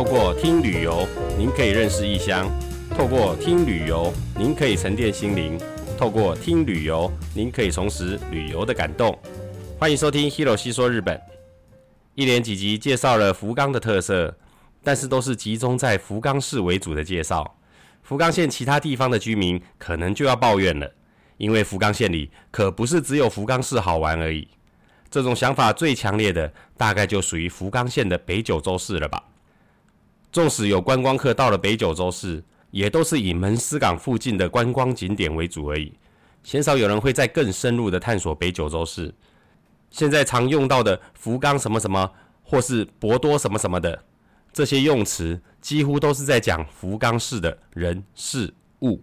透過聽旅遊，您可以認識異鄉；透過聽旅遊，您可以沉澱心靈；透過聽旅遊，您可以重拾旅遊的感動。歡迎收聽《Hiro 細說日本》。一連幾集介紹了福岡的特色，但是都是集中在福岡市為主的介紹。福岡縣其他地方的居民可能就要抱怨了，因為福岡縣裡可不是只有福岡市好玩而已。這種想法最強烈的，大概就屬於福岡縣的北九州市了吧。縱使有觀光客到了北九州市，也都是以門司港附近的觀光景點為主而已，鮮少有人會在更深入的探索北九州市。現在常用到的福岡什麼什麼，或是博多什麼什麼的這些用詞，幾乎都是在講福岡市的人事物。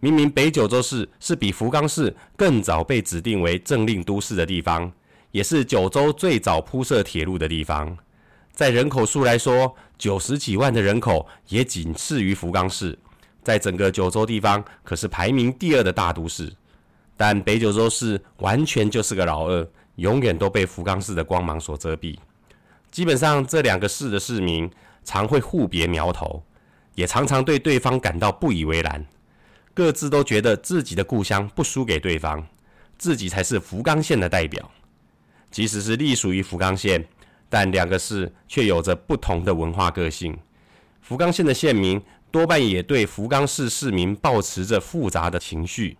明明北九州市是比福岡市更早被指定為政令都市的地方，也是九州最早鋪設鐵路的地方。在人口數來說，九十幾萬的人口也僅次於福岡市，在整個九州地方可是排名第二的大都市。但北九州市完全就是個老二，永遠都被福岡市的光芒所遮蔽。基本上，這兩個市的市民常會互別苗頭，也常常對對方感到不以為然，各自都覺得自己的故鄉不輸給對方，自己才是福岡縣的代表，即使是隸屬於福岡縣。但兩個市卻有着不同的文化個性。福岡縣的縣民多半也對福岡市市民抱持着複雜的情緒，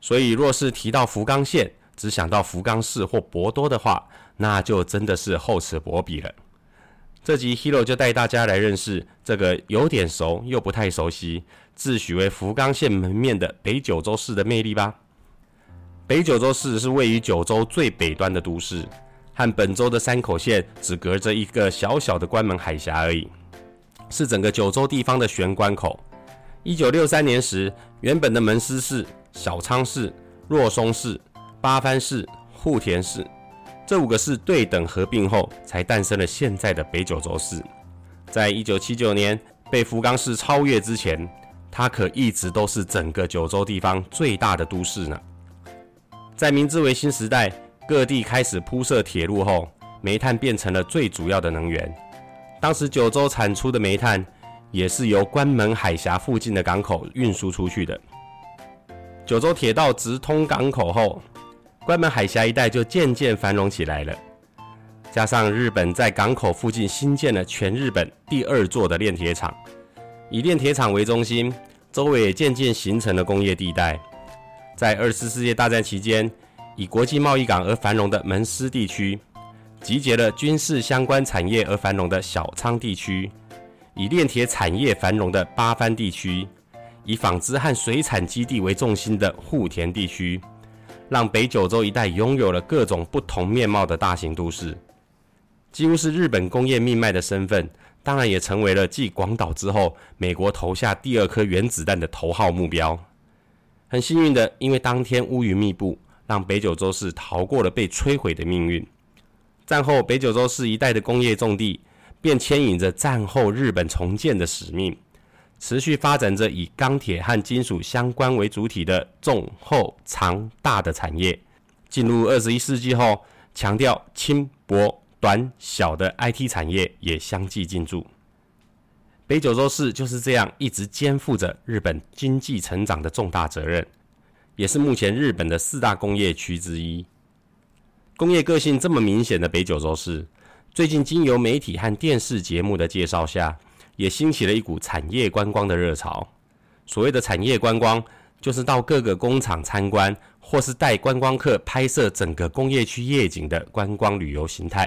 所以若是提到福岡縣，只想到福岡市或博多的話，那就真的是厚此薄彼了。這集 Hiro 就帶大家來認識這個有點熟又不太熟悉、自詡為福岡縣門面的北九州市的魅力吧。北九州市是位於九州最北端的都市。和本州的山口縣只隔着一個小小的關門海峽而已，是整個九州地方的玄關口。一九六三年時，原本的門司市、小倉市、若松市、八幡市、戶田市這五個市對等合併後，才誕生了現在的北九州市。在一九七九年被福岡市超越之前，它可一直都是整個九州地方最大的都市呢。在明治維新時代，各地開始鋪設鐵路後，煤炭變成了最主要的能源。當時九州產出的煤炭也是由關門海峽附近的港口運輸出去的。九州鐵道直通港口後，關門海峽一帶就漸漸繁榮起來了。加上日本在港口附近新建了全日本第二座的煉鐵廠，以煉鐵廠為中心，周圍也漸漸形成了工業地帶。在二次世界大戰期間，以國際貿易港而繁榮的門司地區，集結了軍事相關產業而繁榮的小倉地區，以煉鐵產業繁榮，榮的八幡地區，以紡織和水產基地為重心的戶田地區，讓北九州一帶擁有了各種不同面貌的大型都市，幾乎是日本工業命脈的身份，當然也成為了繼廣島之後，美國投下第二顆原子彈的頭號目標。很幸運的，因為當天烏雲密佈。讓北九州市逃過了被摧毀的命運。戰後，北九州市一帶的工業重地，便牽引着戰後日本重建的使命，持續發展着以鋼鐵和金屬相關為主體的重厚長大的產業。進入二十一世紀後，強調輕薄短小的 IT 產業也相繼進駐。北九州市就是這樣一直肩負着日本經濟成長的重大責任。也是目前日本的四大工業區之一。工業個性這麼明顯的北九州市，最近經由媒體和電視節目的介紹下，也興起了一股產業觀光的熱潮。所謂的產業觀光，就是到各個工廠參觀，或是帶觀光客拍攝整個工業區夜景的觀光旅遊形態。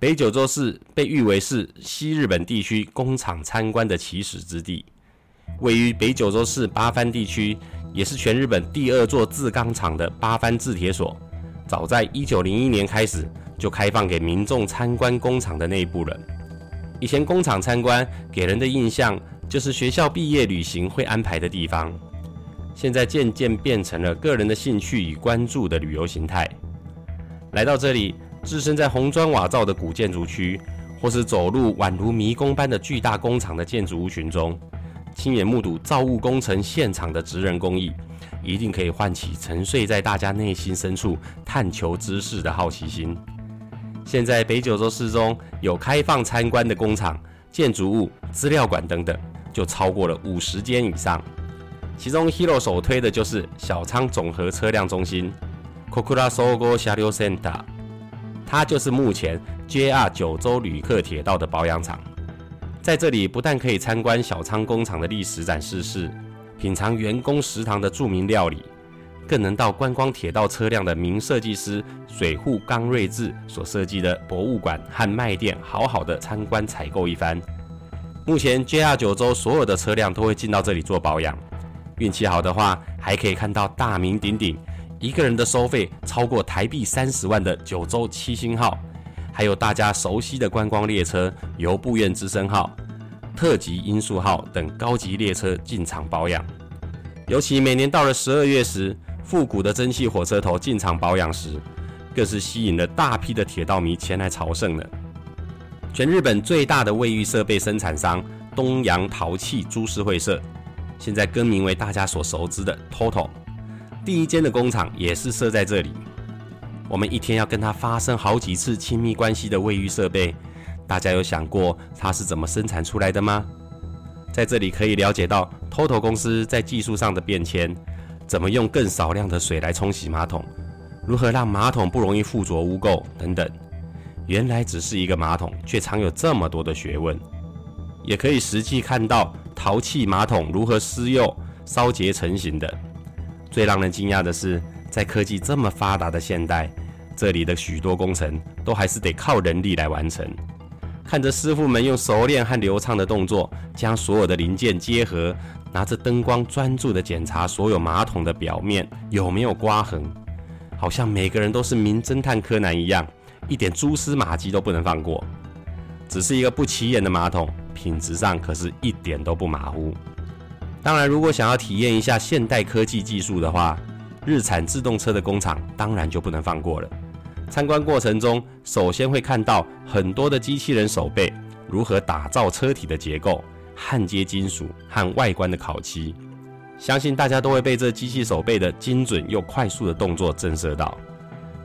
北九州市被譽為是西日本地區工廠參觀的起始之地，位於北九州市八幡地區，也是全日本第二座製鋼廠的八幡製鐵所，早在1901年開始就開放給民眾參觀工廠的內部了。以前工廠參觀給人的印象就是學校畢業旅行會安排的地方，現在漸漸變成了個人的興趣與關注的旅遊形態。來到這裡，置身在紅磚瓦造的古建築區，或是走入宛如迷宮般的巨大工廠的建築物群中。親眼目睹造物工程現場的職人工藝，一定可以喚起沉睡在大家內心深處探求知識的好奇心。現在北九州市中有開放參觀的工廠、建築物、資料館等等，就超過了五十間以上。其中，Hero 首推的就是小倉總和車輛中心 （Kokura s o g o s h a r i o c e n t a 它就是目前 JR 九州旅客鐵道的保養廠。在這裡不但可以參觀小倉工廠的歷史展示室，品嘗員工食堂的著名料理，更能到觀光鐵道車輛的名設計師水戶岡銳治所設計的博物館和賣店，好好的參觀採購一番。目前 JR 九州所有的車輛都會進到這裡做保養，運氣好的話，還可以看到大名鼎鼎一個人的收費超過台幣三十萬的九州七星號。還有大家熟悉的觀光列車，由布院之聲號、特級音速號等高級列車進場保養。尤其每年到了十二月時，復古的蒸汽火車頭進場保養時，更是吸引了大批的鐵道迷前來朝聖呢。全日本最大的衛浴設備生產商東洋陶器株式會社，現在更名為大家所熟知的 TOTO，第一間的工廠也是設在這裡。我們一天要跟它發生好幾次親密關係的衛浴設備，大家有想過它是怎麼生產出來的嗎？在這裡可以了解到 TOTO 公司在技術上的變遷，怎麼用更少量的水來沖洗馬桶，如何讓馬桶不容易附着污垢等等。原來只是一個馬桶，卻藏有這麼多的學問。也可以實際看到陶器馬桶如何施釉、燒結成型的。最讓人驚訝的是。在科技這麼發達的現代，這裡的許多工程都還是得靠人力來完成。看着師傅們用熟練和流暢的動作將所有的零件結合，拿着燈光專注地檢查所有馬桶的表面有沒有刮痕，好像每個人都是名偵探柯南一樣，一點蛛絲馬跡都不能放過。只是一個不起眼的馬桶，品質上可是一點都不馬虎。當然，如果想要體驗一下現代科技技術的話，日產自動車的工廠當然就不能放過了。參觀過程中，首先會看到很多的機器人手背如何打造車體的結構、焊接金屬和外觀的烤漆。相信大家都會被這機器手背的精準又快速的動作震懾到。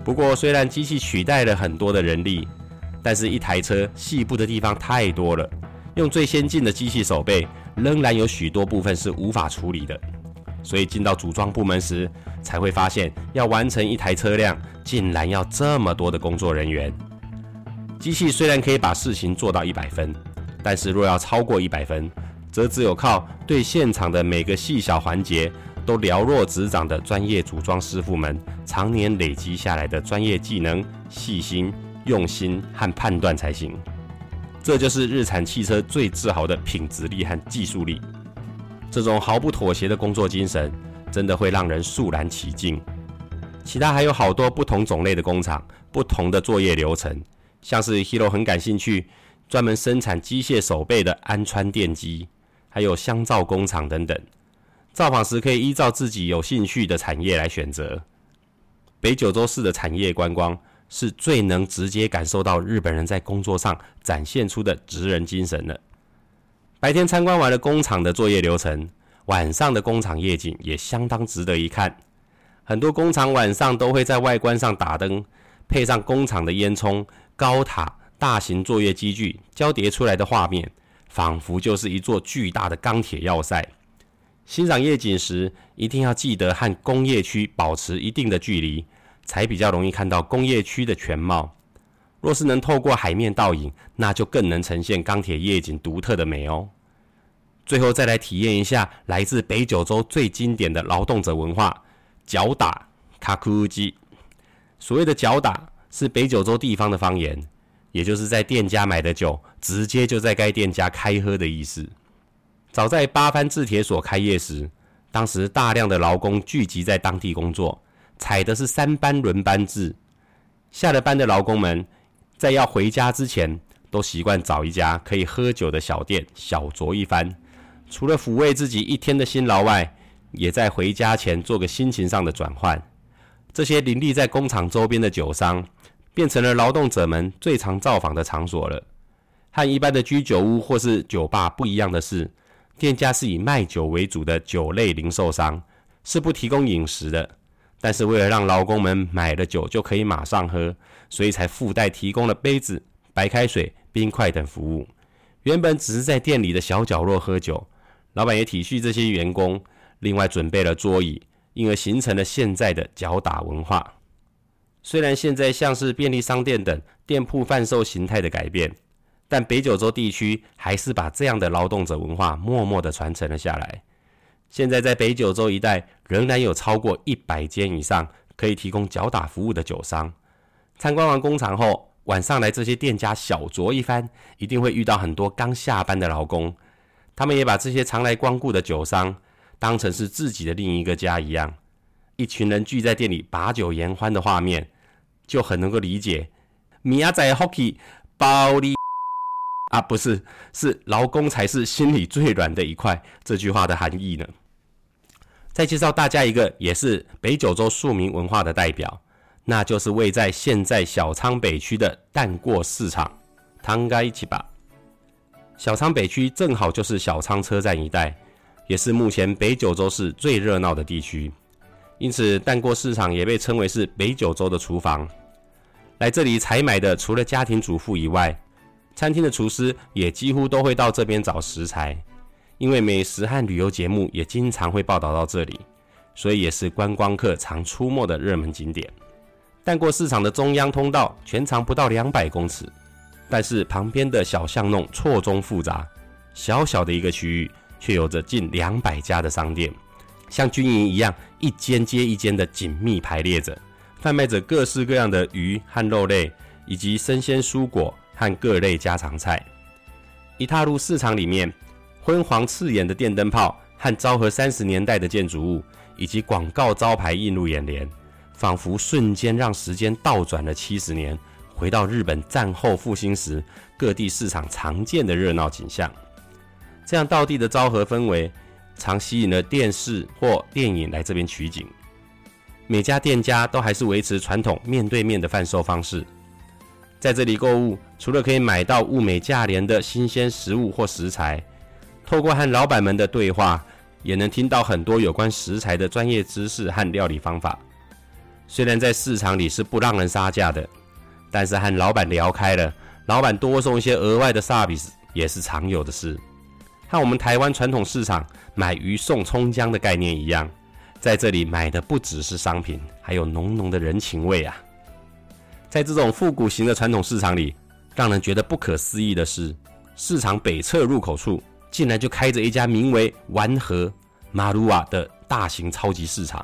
不過，雖然機器取代了很多的人力，但是一台車細部的地方太多了，用最先進的機器手背，仍然有許多部分是無法處理的。所以進到組裝部門時，才會發現要完成一台車輛，竟然要這麼多的工作人員。機器雖然可以把事情做到一百分，但是若要超過一百分，則只有靠對現場的每個細小環節都了若指掌的專業組裝師傅們，常年累積下來的專業技能、細心、用心和判斷才行。這就是日產汽車最自豪的品質力和技術力。這種毫不妥協的工作精神，真的會讓人肅然起敬。其他還有好多不同種類的工廠、不同的作業流程，像是 Hiro 很感興趣，專門生產機械手臂的安川電機，還有香皂工廠等等。造訪時可以依照自己有興趣的產業來選擇。北九州市的產業觀光，是最能直接感受到日本人在工作上展現出的職人精神了。白天參觀完了工廠的作業流程，晚上的工廠夜景也相當值得一看。很多工廠晚上都會在外觀上打燈，配上工廠的煙囪、高塔、大型作業機具，交疊出來的畫面，仿佛就是一座巨大的鋼鐵要塞。欣賞夜景時，一定要記得和工業區保持一定的距離，才比較容易看到工業區的全貌。若是能透過海面倒影，那就更能呈現鋼鐵夜景獨特的美哦。最後再來體驗一下來自北九州最經典的勞動者文化——腳打 kakuji。所謂的腳打是北九州地方的方言，也就是在店家買的酒，直接就在該店家開喝的意思。早在八幡製鐵所開業時，當時大量的勞工聚集在當地工作，採的是三班輪班制，下了班的勞工們。在要回家之前，都習慣找一家可以喝酒的小店小酌一番，除了撫慰自己一天的辛勞外，也在回家前做個心情上的轉換。這些林立在工廠周邊的酒商，變成了勞動者們最常造訪的場所了。和一般的居酒屋或是酒吧不一樣的是，店家是以賣酒為主的酒類零售商，是不提供飲食的。但是為了讓勞工們買了酒就可以馬上喝，所以才附帶提供了杯子、白開水、冰塊等服務。原本只是在店裡的小角落喝酒，老闆也體恤這些員工，另外準備了桌椅，因而形成了現在的腳打文化。雖然現在像是便利商店等店鋪販售形態的改變，但北九州地區還是把這樣的勞動者文化默默地傳承了下來。現在在北九州一帶，仍然有超過一百間以上可以提供腳打服務的酒商。參觀完工廠後，晚上來這些店家小酌一番，一定會遇到很多剛下班的勞工。他們也把這些常來光顧的酒商當成是自己的另一個家一樣。一群人聚在店裡把酒言歡的畫面，就很能夠理解“米亞仔 Hockey 包力啊，不是，是勞工才是心裡最軟的一塊”這句話的含義呢。再介紹大家一個，也是北九州庶民文化的代表，那就是位在現在小倉北區的旦過市場湯街七吧。小倉北區正好就是小倉車站一帶，也是目前北九州市最熱鬧的地區，因此旦過市場也被稱為是北九州的廚房。來這裡採買的除了家庭主婦以外，餐廳的廚師也幾乎都會到這邊找食材。因為美食和旅遊節目也經常會報道到這裡，所以也是觀光客常出沒的熱門景點。旦過市場的中央通道，全長不到兩百公尺，但是旁邊的小巷弄錯綜複雜，小小的一個區域卻有着近兩百家的商店，像軍營一樣，一間接一間地緊密排列着，販賣着各式各樣的魚和肉類，以及生鮮蔬果和各類家常菜。一踏入市場裡面。昏黃刺眼的電燈泡和昭和三十年代的建築物以及廣告招牌映入眼簾，仿佛瞬間讓時間倒轉了七十年，回到日本戰後復興時各地市場常見的熱鬧景象。這樣道地的昭和氛圍，常吸引了電視或電影來這邊取景。每家店家都還是維持傳統面對面的販售方式，在這裡購物，除了可以買到物美價廉的新鮮食物或食材。透過和老闆們的對話，也能聽到很多有關食材的專業知識和料理方法。雖然在市場裡是不讓人殺價的，但是和老闆聊開了，老闆多送一些額外的サービス也是常有的事。和我們台灣傳統市場買魚送蔥薑的概念一樣，在這裡買的不只是商品，還有濃濃的人情味啊！在這種復古型的傳統市場裡，讓人覺得不可思議的是，市場北側入口處。竟然就開着一家名為“丸和馬魯瓦”的大型超級市場。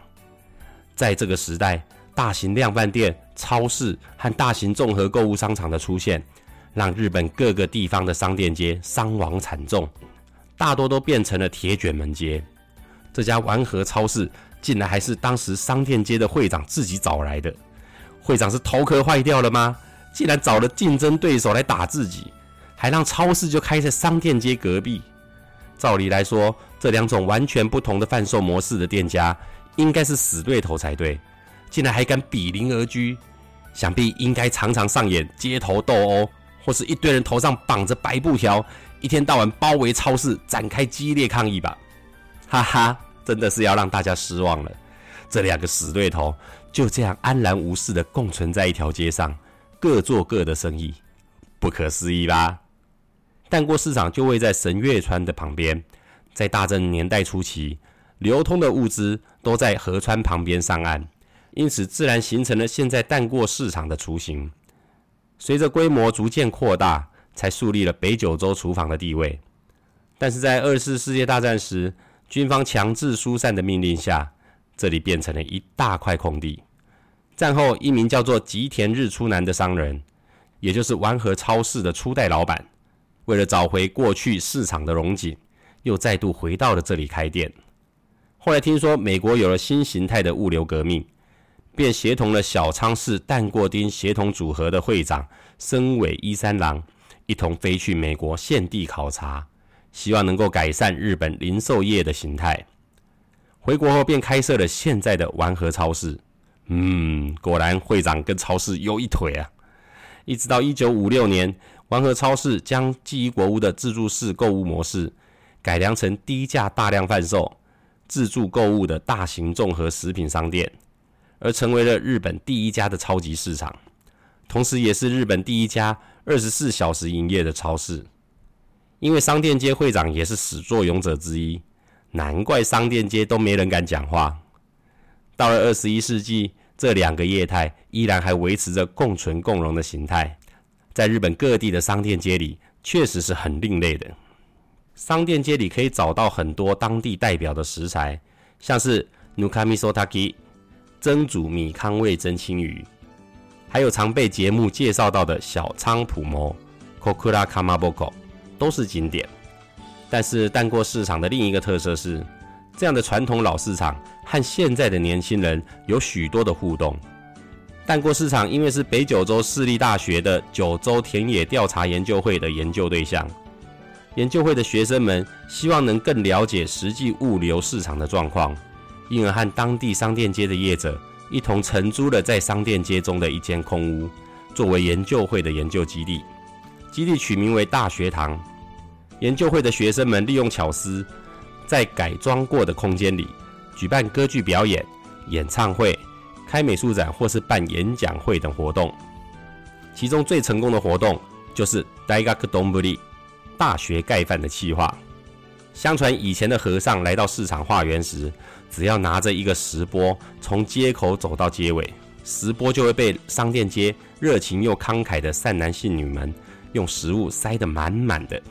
在這個時代，大型量販店、超市和大型綜合購物商場的出現，讓日本各個地方的商店街傷亡慘重，大多都變成了鐵捲門街。這家丸和超市竟然還是當時商店街的會長自己找來的，會長是頭殼壞掉了嗎？竟然找了競爭對手來打自己，還讓超市就開在商店街隔壁。照理來說，這兩種完全不同的販售模式的店家，應該是死對頭才對，竟然還敢比鄰而居，想必應該常常上演街頭鬥毆，或是一堆人頭上綁着白布條，一天到晚包圍超市展開激烈抗議吧。哈哈，真的是要讓大家失望了，這兩個死對頭就這樣安然無事的共存在一條街上，各做各的生意，不可思議吧？淡過市場就位在神嶽川的旁邊，在大正年代初期，流通的物資都在河川旁邊上岸，因此自然形成了現在旦過市場的雛形。隨着規模逐漸擴大，才樹立了北九州廚房的地位。但是在二次世界大戰時，軍方強制疏散的命令下，這裡變成了一大塊空地。戰後，一名叫做吉田日出男的商人，也就是丸和超市的初代老闆。為了找回過去市場的榮景，又再度回到了這裡開店。後來聽說美國有了新形態的物流革命，便協同了小倉市旦過町協同組合的會長森尾一三郎一同飛去美國現地考察，希望能夠改善日本零售業的形態。回國後便開設了現在的丸和超市。嗯，果然會長跟超市有一腿啊！一直到一九五六年。丸和超市將紀伊國屋的自助式購物模式，改良成低價大量販售、自助購物的大型綜合食品商店，而成為了日本第一家的超級市場，同時也是日本第一家二十四小時營業的超市。因為商店街會長也是始作俑者之一，難怪商店街都沒人敢講話。到了二十一世紀，這兩個業態依然還維持着共存共榮的形態。在日本各地的商店街裡，確實是很另類的。商店街裡可以找到很多當地代表的食材，像是 NUKAMISOTAKI 蒸煮米糠味噌青魚，還有常被節目介紹到的小倉蒲鉾 （Kokura Kamaboko） 都是經典。但是旦過市場的另一個特色是，這樣的傳統老市場和現在的年輕人有許多的互動。旦過市場，因為是北九州市立大學的九州田野調查研究會的研究對象，研究會的學生們希望能更了解實際物流市場的狀況，因而和當地商店街的業者一同承租了在商店街中的一間空屋，作為研究會的研究基地。基地取名為大學堂。研究會的學生們利用巧思，在改裝過的空間裡舉辦歌劇表演、演唱會。開美術展或是辦演講會等活動，其中最成功的活動就是 “daigaku donburi” 大學蓋飯的企劃。相傳以前的和尚來到市場化緣時，只要拿着一個石缽從街口走到街尾，石缽就會被商店街熱情又慷慨的善男信女們用食物塞得滿滿的。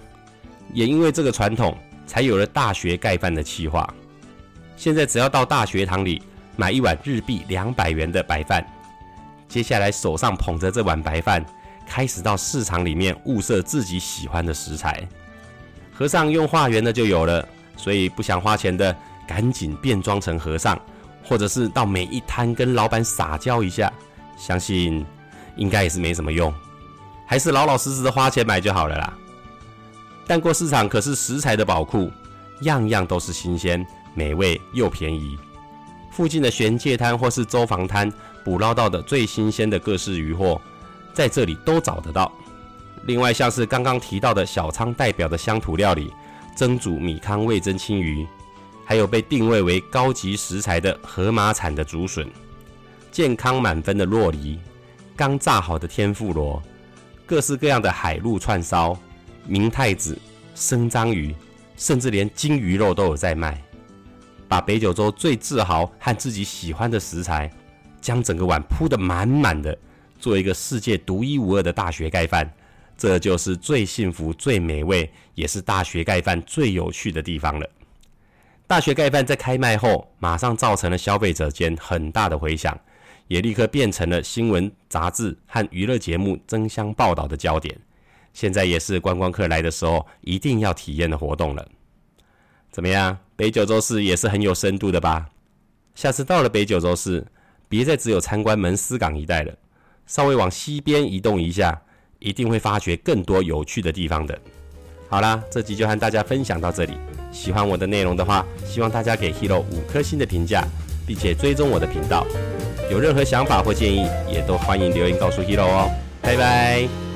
也因為這個傳統，才有了大學蓋飯的企劃。現在只要到大學堂裡。買一碗日幣兩百元的白飯，接下來手上捧着這碗白飯，開始到市場裡面物色自己喜歡的食材。和尚用化緣的就有了，所以不想花錢的，趕緊變裝成和尚，或者是到每一攤跟老板撒嬌一下，相信應該也是沒什麼用，還是老老實實的花錢買就好了啦。旦過市場可是食材的寶庫，樣樣都是新鮮、美味又便宜。附近的玄界灘或是周防灘捕撈到的最新鮮的各式魚貨，在這裡都找得到。另外，像是剛剛提到的小倉代表的鄉土料理蒸煮米糠味噌青魚，還有被定位為高級食材的河馬產的竹筍，健康滿分的酪梨，剛炸好的天婦羅，各式各樣的海陸串燒、明太子、生章魚，甚至連鯨魚肉都有在賣。把北九州最自豪和自己喜歡的食材，將整個碗鋪得滿滿的，做一個世界獨一無二的大學蓋飯，這就是最幸福、最美味，也是大學蓋飯最有趣的地方了。大學蓋飯在開賣後，馬上造成了消費者間很大的回響，也立刻變成了新聞、雜誌和娛樂節目爭相報道的焦點。現在也是觀光客來的時候一定要體驗的活動了。怎麼樣，北九州市也是很有深度的吧？下次到了北九州市，別再只有參觀門司港一帶了，稍微往西邊移動一下，一定會發掘更多有趣的地方的。好了，這集就和大家分享到這裡。喜歡我的內容的話，希望大家給 Hiro 五顆星的評價，並且追蹤我的頻道。有任何想法或建議，也都歡迎留言告訴 Hiro 哦。拜拜。